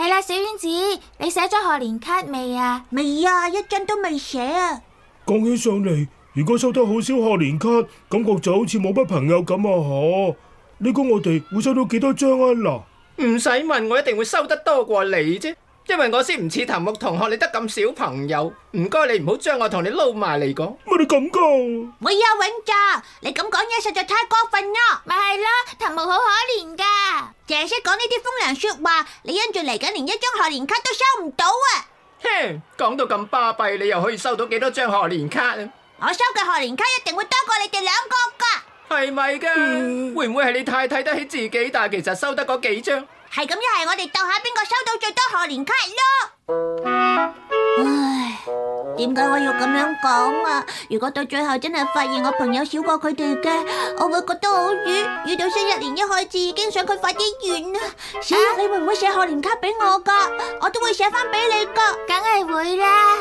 係啦，小丸子，你寫咗賀年卡未啊？未啊，一張都未寫啊。講起上嚟，如果收得好少賀年卡，感覺就好似冇乜朋友咁啊。嗬，你估我哋會收到幾多張啊？嗱，唔使問，我一定會收得多過你啫。因為我先唔似藤木同學，你得咁少朋友，唔該你唔好將我同你撈埋嚟講。乜你咁講？唔係啊，永澤，你咁講嘢實在太過分咯。咪係啦，藤木好可憐噶。淨係識講呢啲風涼說話，你因住嚟緊連一張賀年卡都收唔到啊！哼，講到咁巴閉，你又可以收到幾多張賀年卡啊？我收嘅賀年卡一定會多過你哋兩個噶。係咪噶？嗯、會唔會係你太睇得起自己，但係其實收得嗰幾張？係咁，一係我哋鬥下邊個收到最多賀年卡咯。唉，點解我要咁樣講啊？如果到最後真係發現我朋友少過佢哋嘅，我會覺得好冤。遇到新一年一開始，已經想佢快啲完啦。小玉，你會唔會寫賀年卡俾我噶？我都會寫翻俾你噶。梗係會啦。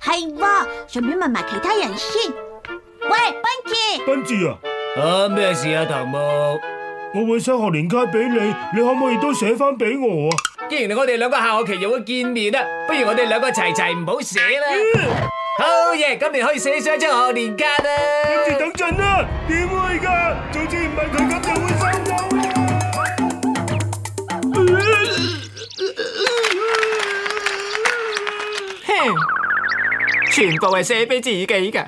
係，順便問埋其他人先。喂，濱治。濱治啊，啊咩事啊，藤木？我會寫學年卡俾你，你可唔可以都寫翻俾我啊？既然我哋兩個下學期又會見面啊，不如我哋兩個齊齊唔好寫啦。好嘢，咁你可以寫上一張學年卡啦。跟住等陣啦，點會噶？總之唔係佢咁就會生效。哼，全部係寫俾自己噶。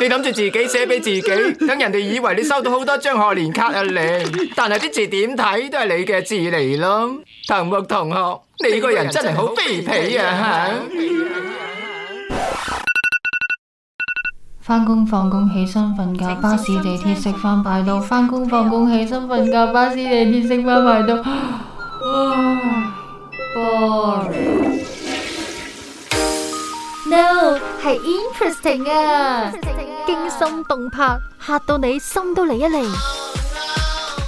你諗住自己寫俾自己，等人哋以為你收到好多張賀年卡啊你，但係啲字點睇都係你嘅字嚟咯。藤木同學，你個人真係好卑鄙啊！翻工放工，起身瞓覺，巴士地鐵食飯排隊，翻工放工，起身瞓覺，巴士地鐵食飯排隊。唉，播。係 interesting 啊，驚心動魄，嚇到你心都嚟一嚟，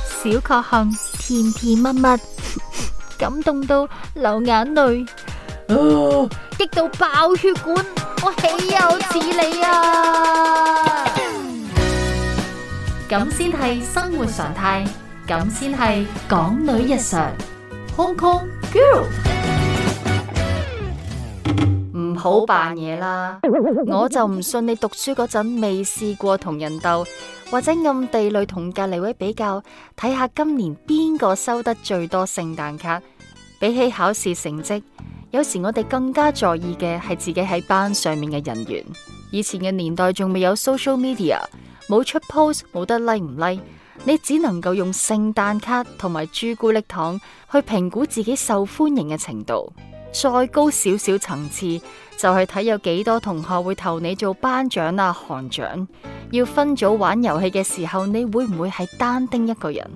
小確幸，甜甜蜜蜜，感動到流眼淚，啊，激到爆血管，我豈有此理啊！咁先係生活常態，咁先係港女日常，Hong Kong girl。好扮嘢啦！ 我就唔信你讀書嗰陣未試過同人鬥，或者暗地裏同隔籬位比較，睇下今年邊個收得最多聖誕卡。比起考試成績，有時我哋更加在意嘅係自己喺班上面嘅人緣。以前嘅年代仲未有 social media，冇出 post，冇得 like 唔 like，你只能夠用聖誕卡同埋朱古力糖去評估自己受歡迎嘅程度。再高少少層次，就係睇有幾多同學會投你做班長啊、行長。要分組玩遊戲嘅時候，你會唔會係單丁一個人？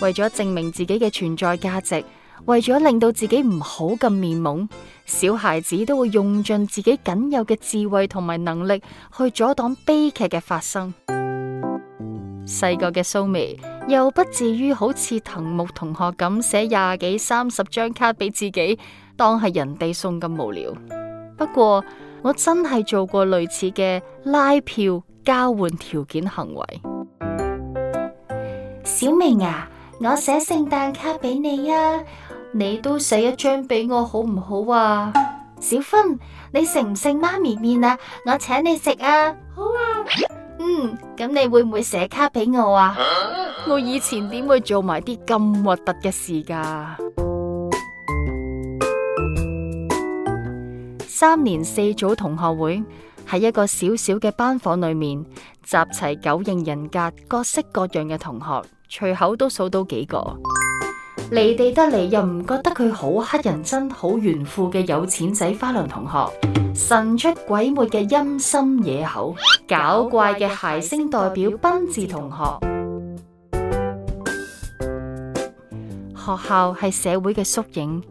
為咗證明自己嘅存在價值，為咗令到自己唔好咁面懵，小孩子都會用盡自己僅有嘅智慧同埋能力去阻擋悲劇嘅發生。細個嘅蘇眉。又不至於好似藤木同學咁寫廿幾三十張卡俾自己當係人哋送咁無聊。不過我真係做過類似嘅拉票交換條件行為。小明啊，我寫聖誕卡俾你啊，你都寫一張俾我好唔好啊？小芬，你食唔食媽咪麵啊？我請你食啊！好啊。嗯，咁你會唔會寫卡俾我啊？ 我以前點會做埋啲咁核突嘅事噶？ 三年四組同學會喺一個小小嘅班房裏面，集齊九型人格，各式各樣嘅同學，隨口都數到幾個。離 地得嚟，又唔覺得佢好乞人憎、好炫富嘅有錢仔花輪同學。神出鬼沒嘅陰森野口，搞怪嘅諧星代表濱治同學。學校係社會嘅縮影，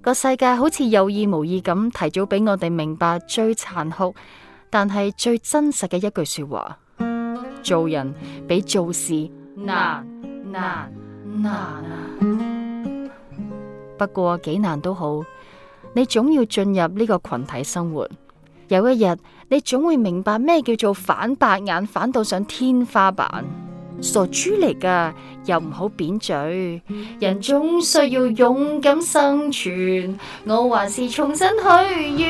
個世界好似有意無意咁提早俾我哋明白最殘酷，但係最真實嘅一句說話：做人比做事難難難，難。不過幾難都好。你總要進入呢個群體生活，有一日你總會明白咩叫做反白眼反到上天花板，傻豬嚟噶，又唔好扁嘴。人總需要勇敢生存，我還是重新許願。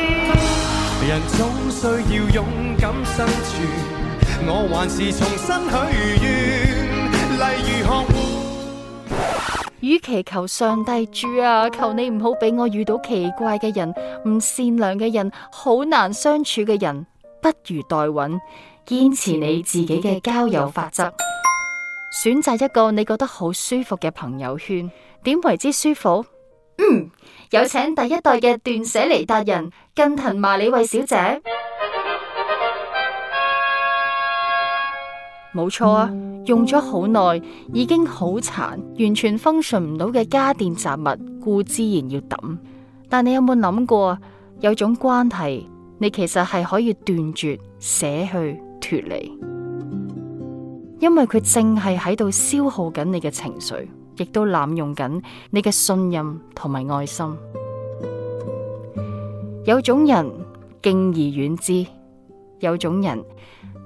人總需要勇敢生存，我還是重新許願。例如學。與其求上帝，主啊，求你唔好俾我遇到奇怪嘅人、唔善良嘅人、好難相處嘅人，不如待穩，堅持你自己嘅交友法則，選擇一個你覺得好舒服嘅朋友圈。點為之舒服？嗯，有請第一代嘅斷捨離達人，近藤麻里惠小姐。冇錯啊，用咗好耐，已經好殘，完全 function 唔到嘅家電雜物，故自然要抌。但你有冇諗過，有種關係，你其實係可以斷絕、捨去、脱離，因為佢淨係喺度消耗緊你嘅情緒，亦都濫用緊你嘅信任同埋愛心。有種人敬而遠之，有種人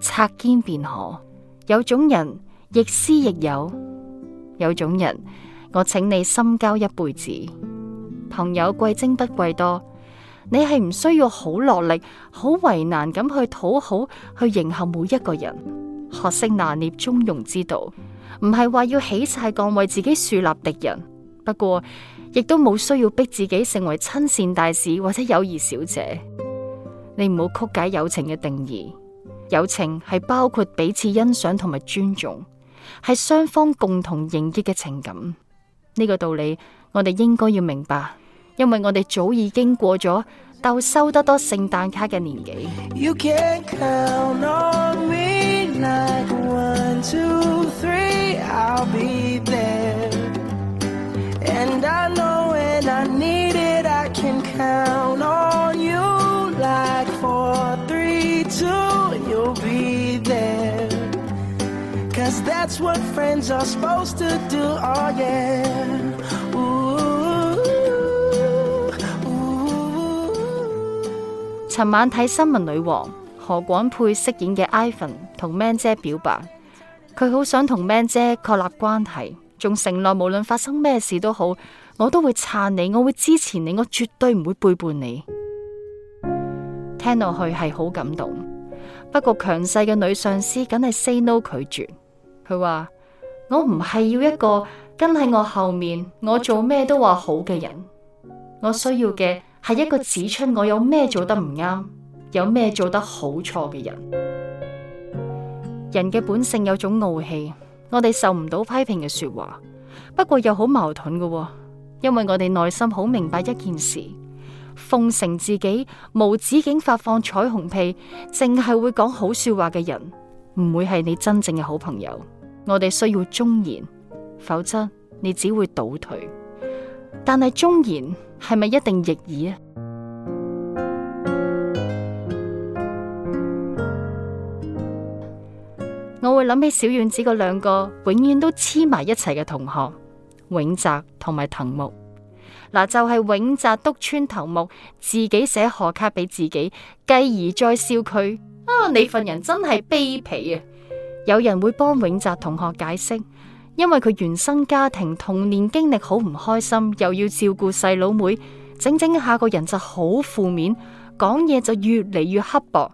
擦肩便，便可。有種人亦師亦友，有種人我請你深交一輩子。朋友貴精不貴多，你係唔需要好落力、好為難咁去討好、去迎合每一個人。學識拿捏中庸之道，唔係話要起晒槓為自己樹立敵人。不過亦都冇需要逼自己成為親善大使或者友誼小姐。你唔好曲解友情嘅定義。友情係包括彼此欣賞同埋尊重，係雙方共同認益嘅情感。呢、這個道理我哋應該要明白，因為我哋早已經過咗鬥收得多聖誕卡嘅年紀。That's what friends are supposed to do. Oh yeah. 尋晚睇新聞女王何廣沛飾演嘅 Ivan 同 Man 姐表白，佢好想同 Man 姐確立關係，仲承諾無論發生咩事都好，我都會撐你，我會支持你，我絕對唔會背叛你。聽落去係好感動，不過強勢嘅女上司梗係 say no 拒絕。佢話：我唔係要一個跟喺我後面，我做咩都話好嘅人，我需要嘅係一個指出我有咩做得唔啱，有咩做得好錯嘅人。人嘅本性有種傲氣，我哋受唔到批評嘅說話。不過又好矛盾㗎喎，因為我哋內心好明白一件事：奉承自己冇止境，發放彩虹屁，淨係會講好說話嘅人，唔會係你真正嘅好朋友。我哋需要忠言，否則你只會倒退。但係忠言係咪一定逆耳啊？ 我會諗起小丸子嗰兩個永遠都黐埋一齊嘅同學永澤同埋藤木，嗱，就係永澤篤穿藤木，自己寫賀卡俾自己，繼而再笑佢啊！你份人真係卑鄙啊！有人會幫永澤同學解釋，因為佢原生家庭童年經歷好唔開心，又要照顧細佬妹，整整下個人就好負面，講嘢就越嚟越刻薄。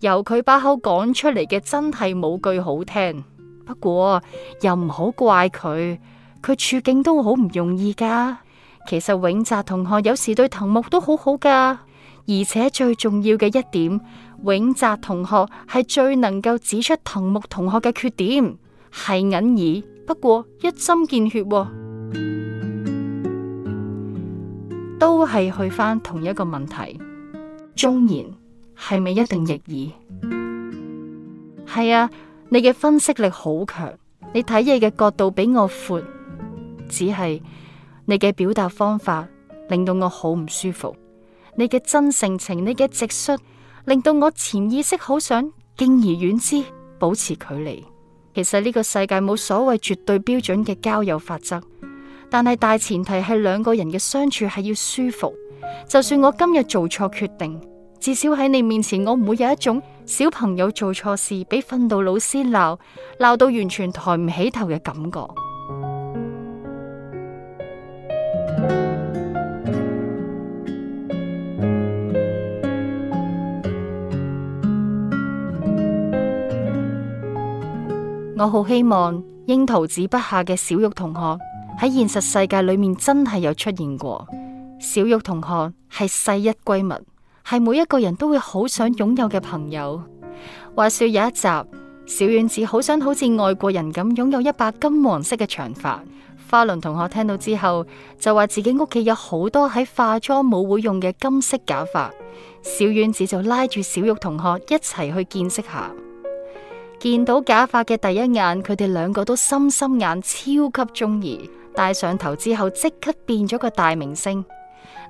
由佢把口講出嚟嘅真係冇句好聽。不過又唔好怪佢，佢處境都好唔容易噶。其實永澤同學有時對藤木都好好噶，而且最重要嘅一點。永澤同學係最能夠指出藤木同學嘅缺點，係隱耳，不過一針見血喎，都係去翻同一個問題：忠言係咪一定逆耳？係啊，你嘅分析力好強，你睇嘢嘅角度比我闊，只係你嘅表達方法令到我好唔舒服。你嘅真性情，你嘅直率。令到我潛意識好想敬而遠之，保持距離。其實呢個世界冇所謂絕對標準嘅交友法則，但係大前提係兩個人嘅相處係要舒服。就算我今日做錯決定，至少喺你面前，我唔會有一種小朋友做錯事俾訓導老師鬧，鬧到完全抬唔起頭嘅感覺。我好希望櫻桃子筆下嘅小玉同學喺現實世界裏面真係有出現過。小玉同學係世一閨蜜，係每一個人都會好想擁有嘅朋友。話說有一集，小丸子好想好似外國人咁擁有一把金黃色嘅長髮。花輪同學聽到之後就話自己屋企有好多喺化妝舞會用嘅金色假髮。小丸子就拉住小玉同學一齊去見識下。見到假髮嘅第一眼，佢哋兩個都深深眼超級中意，戴上頭之後即刻變咗個大明星。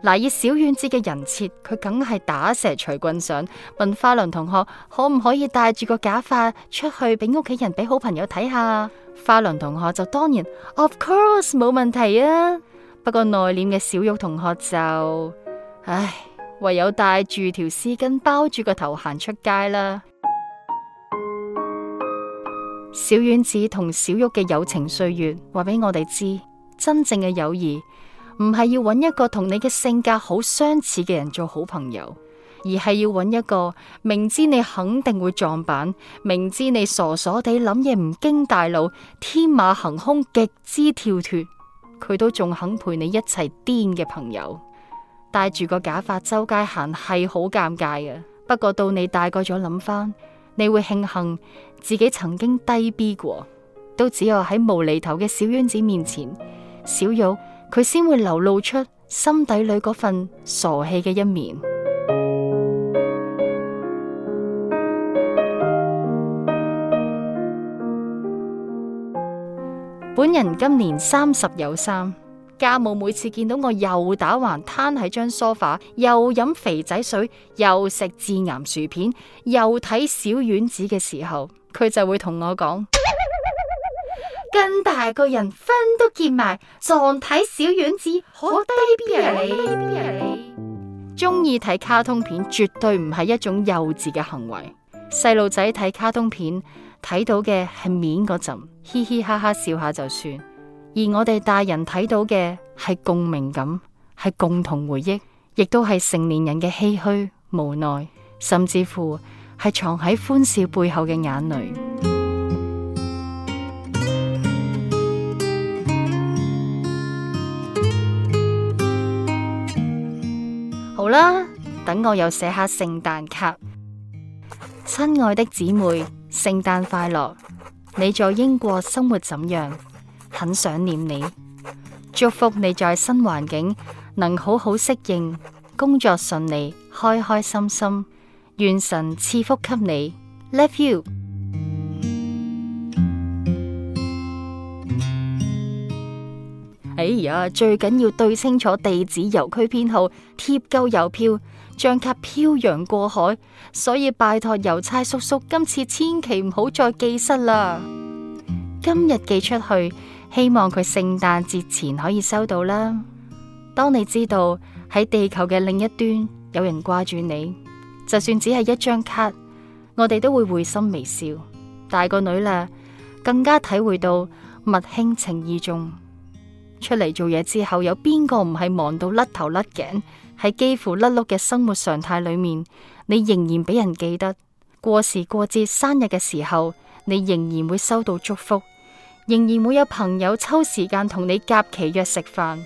嗱，以小丸子嘅人設，佢梗係打蛇隨棍上，問花輪同學可唔可以戴住個假髮出去俾屋企人、俾好朋友睇下。花輪同學就當然，of course 冇問題啊。不過內斂嘅小玉同學就，唉，唯有帶住條絲巾包住個頭行出街啦。小丸子同小玉嘅友情歲月，話俾我哋知，真正嘅友誼唔係要揾一個同你嘅性格好相似嘅人做好朋友，而係要揾一個明知你肯定會撞板，明知你傻傻地諗嘢唔經大腦，天馬行空、極之跳脱，佢都仲肯陪你一齊癲嘅朋友。戴住個假發周街行係好尷尬嘅，不過到你大個咗，諗返。你會慶幸自己曾經低 B 過，都只有喺無厘頭嘅小丸子面前，小玉，佢先會流露出心底裏嗰份傻氣嘅一面。 本人今年三十有三。家母每次見到我又打橫攤喺張梳化，又飲肥仔水，又食致癌薯片，又睇小丸子嘅時候，佢就會同我講：咁 大個人，分都結埋，仲睇小丸子，好低 B 啊你，低 B 啊你。中意睇卡通片絕對唔係一種幼稚嘅行為。細路仔睇卡通片睇到嘅係面嗰浸，嘻嘻哈哈笑下就算。而我哋大人睇到嘅係共鳴感，係共同回憶，亦都係成年人嘅唏噓無奈，甚至乎係藏喺歡笑背後嘅眼淚。 好啦，等我又寫下聖誕卡，親愛的姊妹，聖誕快樂！你在英國生活怎樣？很想念你，祝福你在新環境能好好適應，工作順利，開開心心。願神賜福給你。Love you。哎呀，最緊要對清楚地址、郵區編號，貼夠郵票，將卡漂洋過海，所以拜託郵差叔叔，今次千祈唔好再寄失啦。今日寄出去。希望佢聖誕節前可以收到啦。當你知道喺地球嘅另一端有人掛住你，就算只係一張卡，我哋都會會心微笑。大個女啦，更加體會到物輕情意重。出嚟做嘢之後，有邊個唔係忙到甩頭甩頸？喺幾乎甩碌嘅生活常態裏面，你仍然俾人記得，過時過節生日嘅時候，你仍然會收到祝福。仍然會有朋友抽時間同你夾期約食飯。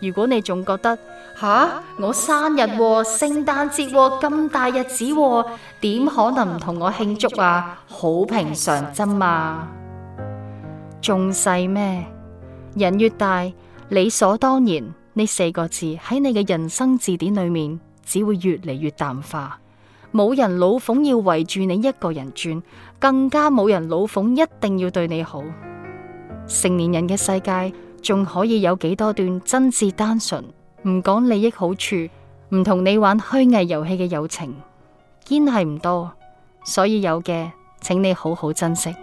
如果你仲覺得吓、啊啊、我生日聖誕節咁大日子、啊、點、啊、可能唔同我慶祝啊？好平常啫、啊、嘛，仲細咩？人越大，理所當然呢四個字喺你嘅人生字典裏面只會越嚟越淡化。冇人老奉要圍住你一個人轉，更加冇人老奉一定要對你好。成年人嘅世界仲可以有幾多段真摯單純，唔講利益好處、唔同你玩虛偽遊戲嘅友情？堅係唔多，所以有嘅，請你好好珍惜。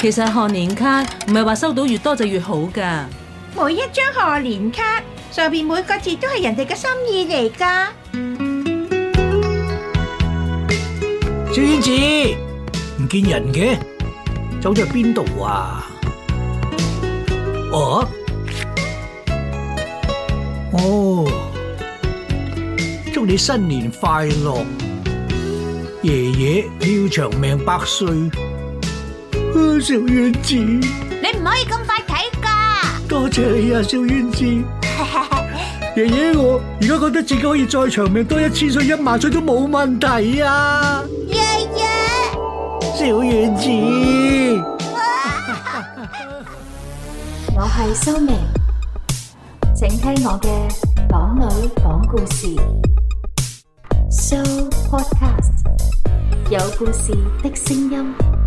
其實賀年卡唔係話收到越多就越好噶，每一張賀年卡上邊每個字都係人哋嘅心意嚟噶。小子，唔見人嘅，走咗去邊度啊？哦、啊，哦，祝你新年快樂，爺爺你要長命百歲。 小丸子，你唔可以咁快睇㗎。多謝你啊，小丸子。爺爺 我而家覺得自己可以再長命多一千歲一萬歲都冇問題啊！爺爺， 小丸子。 我係蘇明，請聽我嘅港女講故事。So Podcast 有故事的聲音。